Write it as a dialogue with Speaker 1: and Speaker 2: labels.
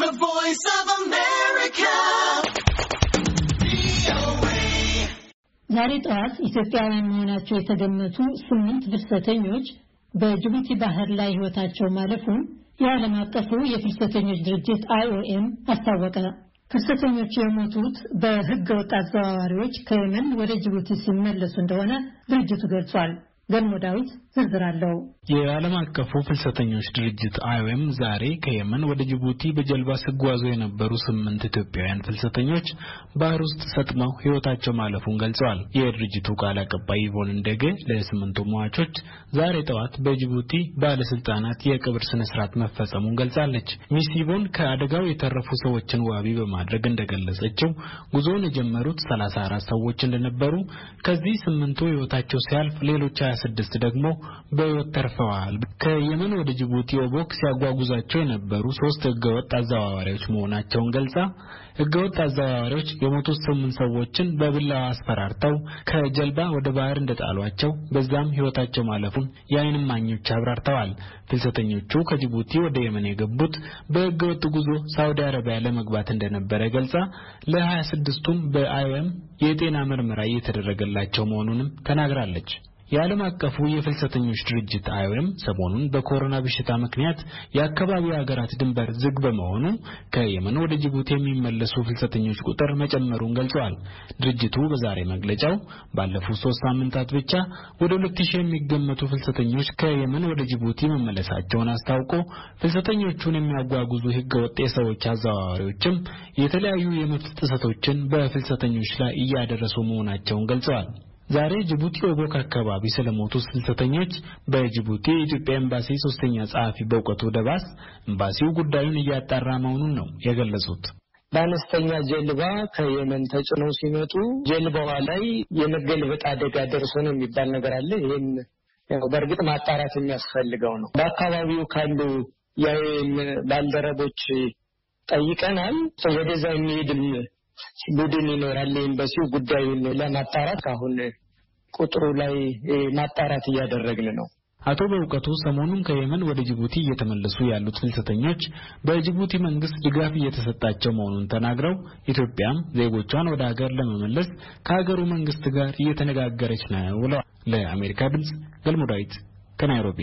Speaker 1: The Voice of America.
Speaker 2: ዛሬ ጠዋት ኢትዮጵያውያን መሆናቸው የተገመቱ ስምንት ፍልሰተኞች በጅቡቲ ባህር ላይ ሕይወታቸው ማለፉን የዓለም አቀፉ የፍልሰተኞች ድርጅት አይኦኤም አስታወቀ። ፍልሰተኞቹ የሞቱት በሕገ ወጥ አዘዋዋሪዎች ከየመን ወደ ጅቡቲ ሲመለሱ እንደሆነ ድርጅቱ ገልጿል። ገልሞ ዳዊት ዝርዝር አለው።
Speaker 3: የዓለም አቀፉ ፍልሰተኞች ድርጅት አይኦኤም ዛሬ ከየመን ወደ ጅቡቲ በጀልባ ሲጓዙ የነበሩ ስምንት ኢትዮጵያውያን ፍልሰተኞች ባህር ውስጥ ሰጥመው ሕይወታቸው ማለፉን ገልጸዋል። የድርጅቱ ቃል አቀባይ ይቮን እንደገ ለስምንቱ ሟቾች ዛሬ ጠዋት በጅቡቲ ባለስልጣናት የቅብር ስነ ስርዓት መፈጸሙን ገልጻለች። ሚስ ይቮን ከአደጋው የተረፉ ሰዎችን ዋቢ በማድረግ እንደገለጸችው ጉዞውን የጀመሩት 34 ሰዎች እንደነበሩ ከዚህ ስምንቱ ሕይወታቸው ሲያልፍ ሌሎች ስድስት ደግሞ በሕይወት ተርፈዋል። ከየመን ወደ ጅቡቲ ኦቦክ ሲያጓጉዛቸው የነበሩ ሶስት ህገወጥ አዘዋዋሪዎች መሆናቸውን ገልጻ ህገወጥ አዘዋዋሪዎች የሞቱ ስምንት ሰዎችን በብላዋ አስፈራርተው ከጀልባ ወደ ባህር እንደጣሏቸው በዛም ህይወታቸው ማለፉን የአይን እማኞች አብራርተዋል። ፍልሰተኞቹ ከጅቡቲ ወደ የመን የገቡት በህገወጥ ጉዞ ሳውዲ አረቢያ ለመግባት እንደነበረ ገልጻ ለሀያ ስድስቱም በአይኤም የጤና ምርመራ እየተደረገላቸው መሆኑንም ተናግራለች። የዓለም አቀፉ የፍልሰተኞች ድርጅት አይኦኤም ሰሞኑን በኮሮና በሽታ ምክንያት የአካባቢው ሀገራት ድንበር ዝግ በመሆኑ ከየመን ወደ ጅቡቲ የሚመለሱ ፍልሰተኞች ቁጥር መጨመሩን ገልጿል። ድርጅቱ በዛሬ መግለጫው ባለፉት ሶስት ሳምንታት ብቻ ወደ ሁለት የሚገመቱ ፍልሰተኞች ከየመን ወደ ጅቡቲ መመለሳቸውን አስታውቆ ፍልሰተኞቹን የሚያጓጉዙ ህገወጥ የሰዎች አዘዋዋሪዎችም የተለያዩ የመብት ጥሰቶችን በፍልሰተኞች ላይ እያደረሱ መሆናቸውን ገልጸዋል። ዛሬ ጅቡቲ ወጎክ አካባቢ ስለሞቱ ስደተኞች በጅቡቲ የኢትዮጵያ ኤምባሲ ሶስተኛ ጸሐፊ በእውቀቱ ደባስ ኤምባሲው ጉዳዩን እያጣራ መሆኑን ነው የገለጹት።
Speaker 1: በአነስተኛ ጀልባ ከየመን ተጭነው ሲመጡ ጀልባዋ ላይ የመገልበጥ አደጋ ደርሶ ነው የሚባል ነገር አለ። ይህም ያው በእርግጥ ማጣራት የሚያስፈልገው ነው። በአካባቢው ካሉ ባልደረቦች ጠይቀናል። ወደዛ የሚሄድም ቡድን ይኖራል። ኤምባሲው ጉዳዩን ለማጣራት አሁን ቁጥሩ ላይ ማጣራት እያደረግን ነው። አቶ
Speaker 3: በእውቀቱ ሰሞኑን ከየመን ወደ ጅቡቲ እየተመለሱ ያሉት ፍልሰተኞች በጅቡቲ መንግስት ድጋፍ እየተሰጣቸው መሆኑን ተናግረው ኢትዮጵያም ዜጎቿን ወደ ሀገር ለመመለስ
Speaker 1: ከሀገሩ መንግስት ጋር እየተነጋገረች ነው ብለዋል። ለአሜሪካ ድምፅ ገልሞ ዳዊት ከናይሮቢ